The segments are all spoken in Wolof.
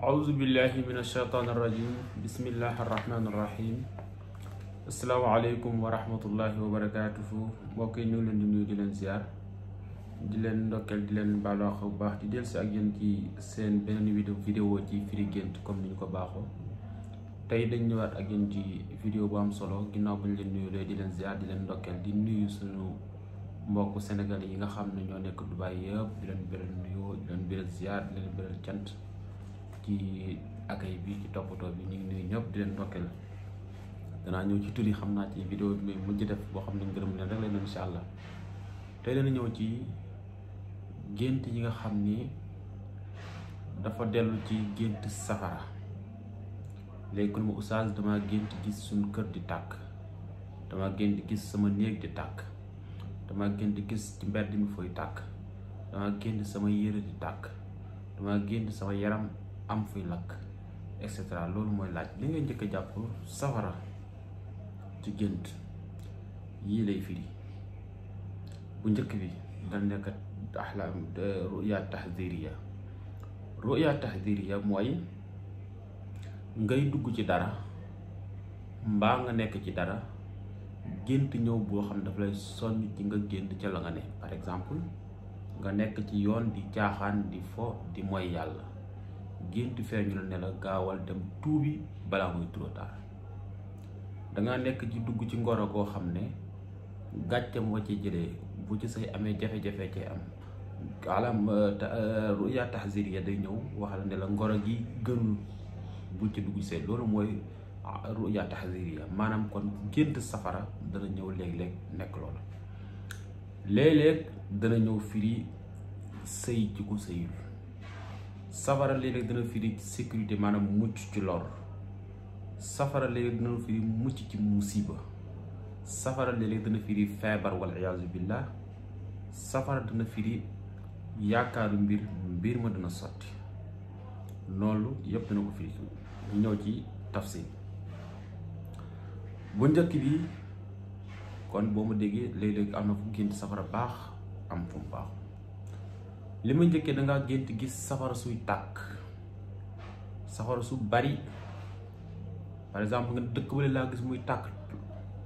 أعوذ بالله من الشيطان الرجيم بسم الله الرحمن الرحيم asalaamaaleykum wa rahmatullahi wa barakaatuhu mbokk yi ñu ngi leen di nuyu di leen ziar di leen ndokkeel di bu baax di dellusi ak yéen ci seen beneen vidéo vidéo ci firi gént comme ni ko baaxoo tey dañ ñëwaat ak yéen ci vidéo bu am solo ginnaaw ba leen nuyulee di leen ziar di leen ndokkeel di nuyu suñu mbokk senegal yi nga xam ne ñoo nekk Dubaay yëpp di leen beral nuyoo di leen beral ziar di leen beral cant. ci accueil bi ci toppatoo bi ñu ngi nuyu ñëpp di leen ndokkeel danaa ñëw ci tur xam naa ci vidéo bi mujj def boo xam ne ngërëm leen rek leen incha allah tey dana ñëw ci gént ñi nga xam ni dafa dellu ci gént safara léegi kon ma oustaz dama gént gis suñ kër di tàkk dama gént gis sama néeg di tàkk dama gént gis ci mbedd mi fooy tàkk dama gént sama yére di tàkk damaa gént sama yaram am fuy lakk et cetera loolu mooy laaj li ngay njëkk a jàpp safara ci gént yii lay firi bu njëkk bi dana nekk axlaam ruya tahdiriya ruya tahdiriya mooy ngay dugg ci dara mbaa nga nekk ci dara gént ñëw boo xam dafa lay sonn ci nga gént ca la nga ne par exemple nga nekk ci yoon di jaaxaan di fo di moy yàlla gént feeñu la ne la gaawal dem tuubi balaa muy trop danga nekk ci dugg ci ngoro goo xam ne gàcce moo ci jëlee bu ci say amee jafe-jafe cee am alam euh, euh, ruya tahziriya day ñëw wax la ne la ngoro gi gënul bu ci dugg say loolu mooy ah, ruya tahziriya maanaam kon gént safara dana ñëw léeg-léeg nekk loolu léeg-léeg dana ñëw firi sëy ci ku safara léeg-léeg dana firi sécurité maanaam mucc ci lor safara léeg-léeg firi mucc ci musiba safara léeg-léeg firi feebar wal iyaazu billah safara dana firi yaakaaru mbir mbir ma dana sotti loolu yépp dana ko firi ñëw ci tafsir bu njëkk bi kon boo ma déggee léeg-léeg am na fu gént safara baax am fu mu li ma njëkkee dangaa ngaa gént gis safara suy tàkk safara su bari par exemple nga dëkk bale laa gis muy tàkk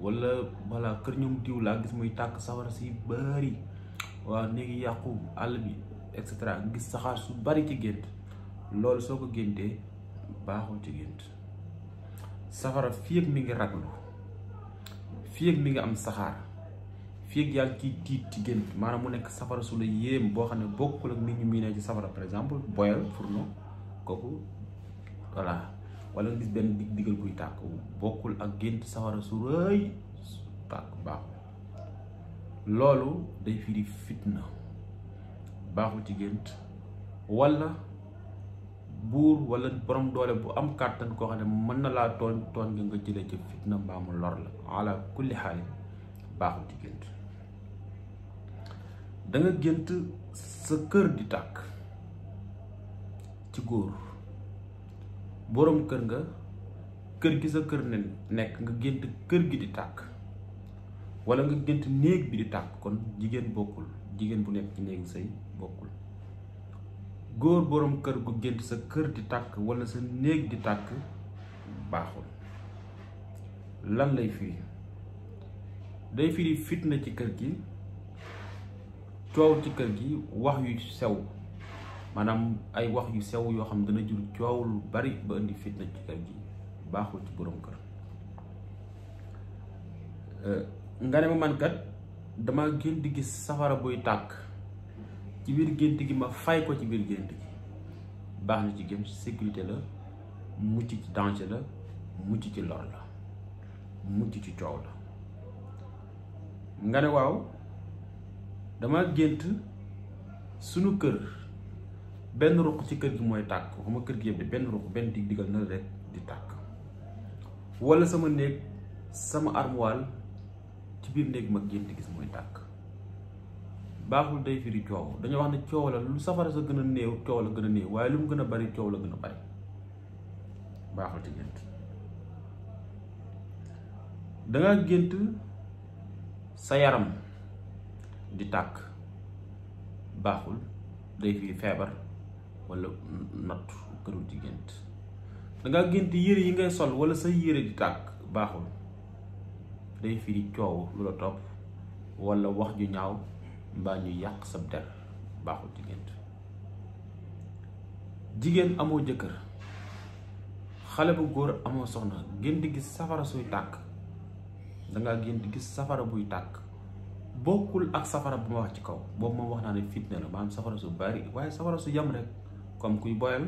wala wala kër ñoom diw laa gis muy tàkk safara si bari waa néegi yàqu àll bi et cetera gis saxaar su bari ci gént loolu soo ko géntee baaxul ci gént safara fii ak mi ngi raglu fii ak mi ngi am saxaar fii ak yaa ngi tiit ci gént maanaam mu nekk safara su la yéem boo xam ne bokkul ak nit ñu miinee ci safara par exemple boyal fourneau kooku voilà wala nga gis benn dig digal buy tàkk bokkul ak gént safara su rëy tàkk baaxul loolu day firi fitna baaxul ci gént wala buur wala borom doole bu am kàttan koo xam ne mën na laa tooñ tooñ nga nga jëlee ci fitna mbaa lor la ala kulli xaal baaxul ci gént danga gént sa kër di tàkk ci góor boroom kër nga kër gi sa kër ne nekk nga gént kër gi di tàkk walla nga gént néeg bi di tàkk kon jigéen bokkul jigéen bu nekk ci néegu sëy bokkul góor boroom kër gu gént sa kër di tàkk walla sa néeg di tàkk baaxul lan lay firi day firi fitna ci kër gi coow ci kër gi wax yu sew maanaam ay wax yu sew yoo xam dana jur coow lu bari ba indi fitna ci kër gi baaxul ci boroom kër eh, nga ne ma man kat dama gént gi safara buy tàkk ci biir gént gi ma fay ko ci biir gént gi baax na ci gém sécurité la mucc ci danger la mucc ci lor la mucc ci coow la nga ne waaw dama gént sunu kër benn ruq ci kër gi mooy tàkk waxuma kër gi benn ruq benn dig di tàkk wala sama néeg sama armoire ci biir néeg ma gént gis mooy tàkk baaxul day firi coow dañoo wax ne coow la lu safara sa gën a néew coow la gën a néew waaye lu mu gën a bari coow la gën a bari baaxul ci gént danga gént sa yaram di tàkk baaxul day fi feebar walla nattu këru di gént danga gént yére yi ngay sol wala sa yére di tàkk baaxul day firi coow lu la topp wala wax ju ñaaw mbaa ñu yàq sa der baaxul di gént jigéen amoo jëkkër xale bu góor amoo soxna di gis safara suy tàkk danga di gis safara buy tàkk bokkul ak safara bu ma wax ci kaw boobu moom wax naa ne fitna la maanaam safara su bari waaye safara su yam rek comme kuy boyal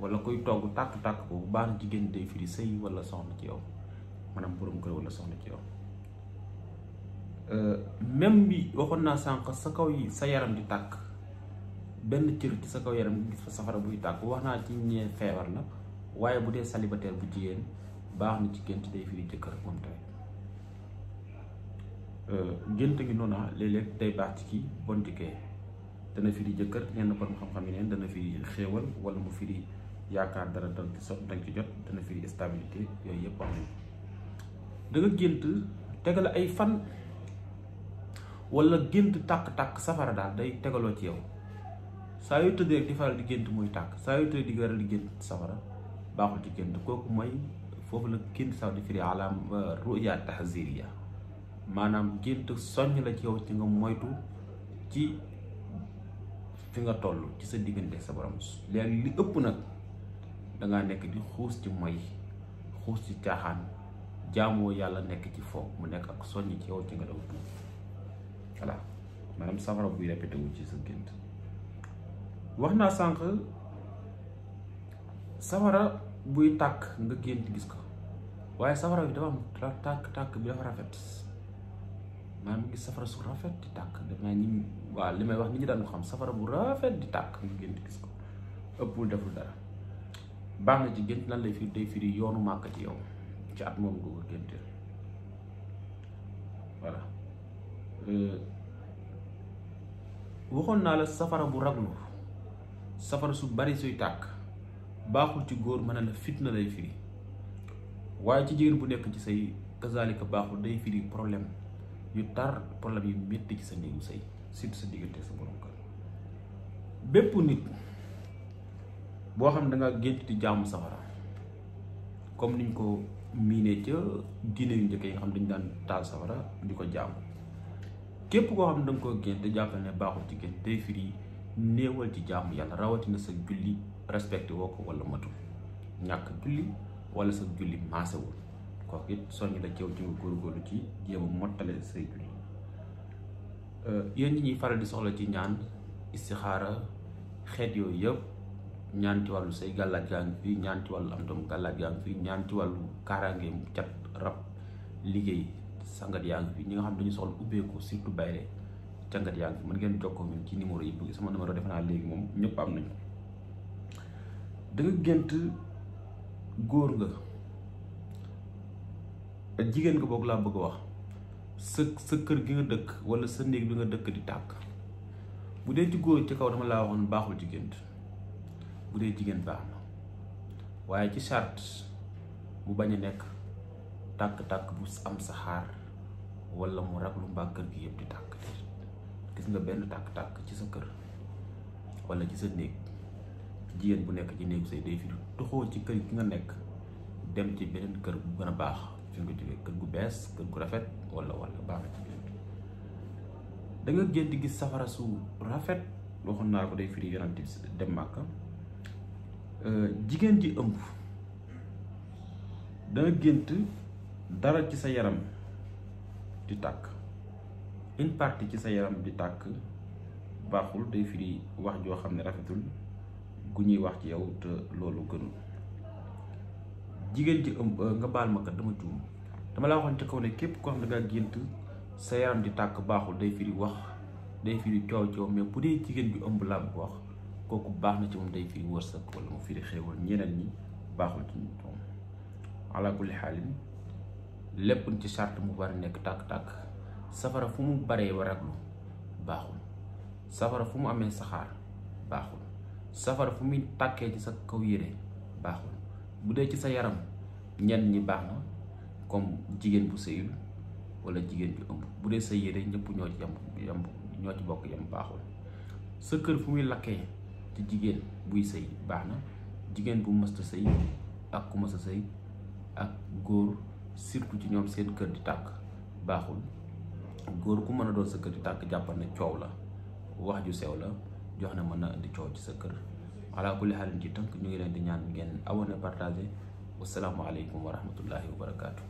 wala kuy togg tàkk-tàkk boobu baax na jigéen day wala soxna ci yow maanaam borom kër wala soxna ci yow euh, même bi waxoon naa sànq sa kaw sa yaram di tàkk benn cër ci sa kaw yaram gi safara buy tàkk wax naa ci ñee feebar la waaye bu dee célibataire bu jigéen baax na jigéen ci day firi jëkkër moom tamit Euh, gént gi noonu ah, léeg-léeg day baax ci kii bon ci kee dana firi jëkkër ñenn borom xam-xam yi neen dana firi xéewal wala mu firi yaakaar dara dal so danga ci jot dana firi stabilité yooyu yëpp da nga gént tegale ay fan wala gént tàkk takk safara daal day tegaloo ci yow saa yu tëdd di faral di gént muy tàkk saa yu tëdd di faral di gént safara baaxul ci gént kooku mooy foofu la gént safara di firi alam euh, ruya tahziriya maanaam gént soññ la ci yow ci nga moytu ci fi nga toll ci sa diggante sa borom léegi li ëpp nag dangaa nekk di xuus ci moy xuus ci caaxaan jaamoo yàlla nekk ci foo mu nekk ak soññ ci yow ci nga daw tuub voilà maanaam safara buy répété ci sa gént wax naa sànq safara buy tàkk nga gént gis ko waaye safara bi dafa am tàkk tàkk bi dafa rafet maa ngi gis safara su rafet di tàkk def naa ñi waaw li may wax nit ñi daan ko xam safara bu rafet di tàkk nga gént gis ko ëppul deful dara baax na ci gént lan lay firi day firi yoonu màkk ci yow ci at moom googu génte voilà euh, waxoon naa la safara bu raglu safara su bari suy tàkk baaxul ci góor mën na la fitna lay firi waaye ci jigéen bu nekk ci say kazalika baaxul day firi problème yu tar problème yu métti ci sa néegu sëy surtout sa diggante sa borom kër bépp nit boo xam ne da nga gént di jaamu safara comme niñ ko miinee ca diine yu njëkk yi nga xam dañ daan taal safara di ko jàmm képp koo xam ne da nga ko gént jàppal ne baaxul ci gént day firi néewal ci jàmm yàlla rawatina sa julli respecté woo ko wala matul ñàkk julli wala sa julli maasewul koor gi soññ la ci yow ci nga góorgóorlu ci jéem a mottale say julli euh, yéen ñi ñuy faral di soxla ci ñaan istixaara xeet yooyu yëpp ñaan ci wàllu say gàllaaj gaa ngi fii ñaan ci wàllu am doom gàllaaj gaa ñaan ci wàllu kaaraange cat rab liggéey sangat yaa ngi fii ñi nga xam dañu soxla ubbeeku surtout bayre cangat yaa ngi fi mën ngeen jokkoo ñun ci numéro yi bëgg sama numéro defe naa léegi moom ñëpp am nañu da gént góor nga jigéen nga boog laa bëgg wax sa sa kër gi nga dëkk wala sa néeg bi nga dëkk di tàkk bu dee ci góor ci kaw dama laa waxoon baaxul jigéen bu dee jigéen baax na waaye ci sart bu bañ a nekk tàkk-tàkk bu am saxaar walla mu lu mbaa kër gi yëpp di tàkk gis nga benn tàkk-tàkk ci sa kër wala ci sa néeg jigéen bu nekk ci néegu say day fi tuxoo ci kër gi nga nekk dem ci beneen kër bu gën a baax fi nga jógee kër gu bees kër gu rafet wala wala baax da nga gént gis safara su rafet waxoon naa ko day firi yonent bi dem màkka euh, jigéen ji ëmb da gént dara ci sa yaram di tàkk une ci sa yaram di tàkk baaxul day firi wax joo xam ne rafetul gu ñuy wax ci yow te loolu gënul jigéen ji ëmb euh, nga baal ma kat dama juum dama laa waxoon ci kaw ne képp ko xam ne da ngaa gént sa yaram di tàkk baaxul day firi wax day firi coow coow mais bu dee jigéen ju ëmb laa ko wax kooku baax na ci moom day firi wërsëg lu mu firi xéewal ñeneen ñi baaxul ci ñun moom. ala kulli xaalin lépp ci sart mu war nekk tàkk-tàkk safara fu mu baree ba raglu baaxul safara fu mu amee saxaar baaxul safara fu muy tàkkee ci sa kaw yére baaxul. bu dee ci sa yaram ñenn ñi baax na comme jigéen bu sëyul wala jigéen ju ëmb bu dee sa yére ñëpp ñoo ci yem yem ñoo ci bokk yem baaxul sa kër fu muy lakkee ci jigéen buy sëy baax na jigéen bu mësta sëy ak ku mësta sëy ak góor surtout ci ñoom seen kër di tàkk baaxul góor ku mën a doon sa kër di tàkk jàppal ne coow la wax ju sew la jox ne mën na indi coow ci sa kër ala kulli xaalin ci tënk ñu ngi leen di ñaan ngeen abonné partagé wasalaamualeykum wa rahmatullahi wa barakaatu.